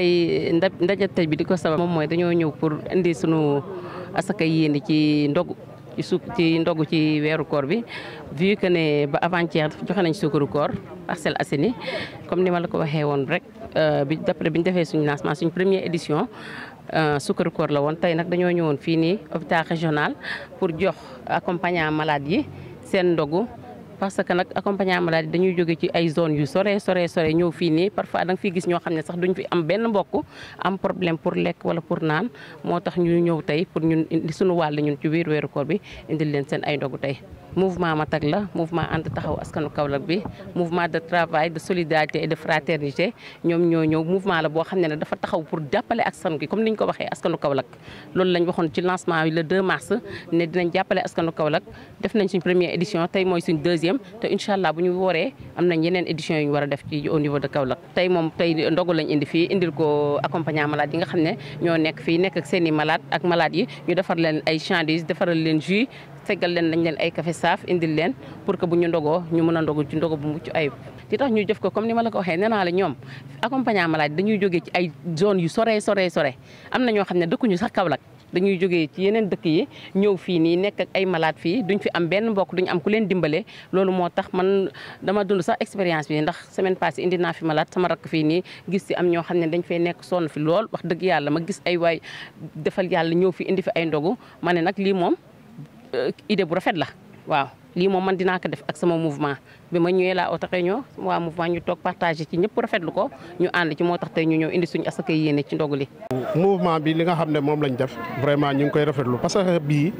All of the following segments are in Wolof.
tey nda bi diko sama mom moy mooy ñew pour indi suñu asaka yéene ci ndogu ci su ci ndogu ci wéru koor bi vu que ne ba avant-hier joxe nañ suukaru koor Parcelles Assainies comme ni ma ko waxé won rek euh, bi d'après bi défé suñu lancement suñu première édition euh, suukaru koor la won tay nak dañoo ñëwoon fii nii hôpital régional pour jox accompagnement malade yi sen ndogu parce que nag accompagnement maladie dañuy jóge ci ay zone yu sore sore sore ñëw fii nii parfois da nga fiy gis ñoo xam ne sax duñ fi am benn mbokk am problème pour lekk wala pour naan moo tax ñu ñëw tey pour ñun indi suñu wàll ñun ci biir weeru koor bi indil leen seen ay ndogu tey mouvement Matak la mouvement ànd taxaw askanu Kaolack bi mouvement de travail de solidarité et de fraternité ñoom ñoo ñëw mouvement la boo xam ne ne dafa taxaw pour jàppale askanu gi comme ni ñu ko waxee askanu Kaolack loolu lañ waxoon ci lancement bi le 2 mars ne dinañ jàppale askanu Kaolack def nañ suñ première édition tey mooy suñ deuxième te allah bu ñu wooree am nañ yeneen édition yu ñu war a def ci au niveau de Kaolack tey moom tey ndogu lañ indi fii indi ko accompagnant malade yi nga xam ne ñoo nekk fii nekk ak seen i ak malade yi ñu defar leen ay chandise defaral leen jus seggal leen lañ leen ay café ISAF indil leen pour que bu ñu ndogoo ñu mën a ndogu ci ndogu bu mucc ayib li ñu jëf ko comme ni ma la ko waxee nee naa la ñoom accompagnant jógee ci ay zone yu sore sore sore am na ñoo xam ne dëkkuñu sax Kaolack dañuy jógee ci yeneen dëkk yi ñëw fii nii nekk ay malade fii duñ fi am benn mbokk duñ am ku leen dimbale loolu moo tax man dama dund sax expérience bi ndax semaine passée indi naa fi malade sama rakk nii gis ci am ñoo xam ne dañ fay nekk sonn fi lool wax dëgg yàlla ma gis ay waay defal yàlla ñëw fi indi fi ay ndogu ma ne nag lii moom euh, idée bu rafet la waaw lii moom man dinaa ko def ak sama mouvement bi ma ñëwee laa oto réunion waa mouvement ñu toog partagé ci ñëpp rafetlu ko ñu ànd ci moo tax tey ñu ñëw indi suñu asaka yéene ci ndogu li mouvement bi li nga xam ne moom lañ def vraiment ñu ngi koy rafetlu parce que bii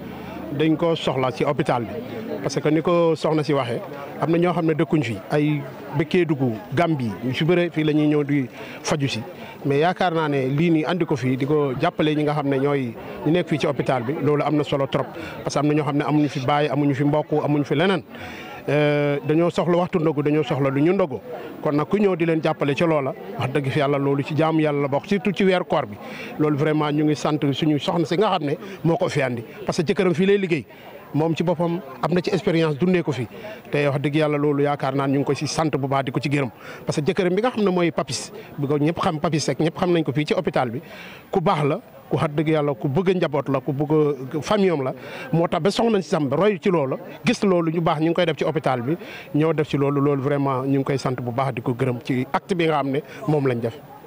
dañ koo soxla ci hôpital bi parce que ni ko soxna si waxee am na ñoo xam ne dëkkuñ fi ay bëkkee dugg Gambie ñu si bëre fii la ñuy ñëw di faju si mais yaakaar naa ne lii nii andi ko fii di ko jàppale ñi nga xam ne ñooy ñu nekk fi ci hôpital bi loolu am na solo trop parce que am na ñoo xam ne amuñu fi bàyyi amuñu fi mbokk amuñu fi leneen euh, dañoo soxla waxtu ndogu dañoo soxla lu ñu ndogu kon nag ku ñëw di leen jàppale ci loola wax dëgg fi yàlla loolu ci jaamu yàlla la bokk surtout ci weeru koor bi loolu vraiment ñu ngi sant suñu soxna si nga xam ne moo ko fi andi parce que jëkkëram fii lay liggéey moom ci boppam am na ci expérience dundee ko fi te wax dëgg yàlla loolu yaakaar naan ñu ngi ko si sant bu baax di ko ci gërëm parce que jëkkëram bi nga xam ne mooy papis bi ko ñëpp xam papis rek ñëpp xam nañ ko fii ci hôpital bi ku baax la ku wax dëgg yàlla ku bëgg njaboot la ku bëgg famille am la moo tax ba soxna si sam bi roy ci loolu gis loolu ñu baax ñu ngi koy def ci hôpital bi ñoo def ci loolu loolu vraiment ñu ngi koy sant bu baax di ko gërëm ci acte bi nga xam ne moom lañ def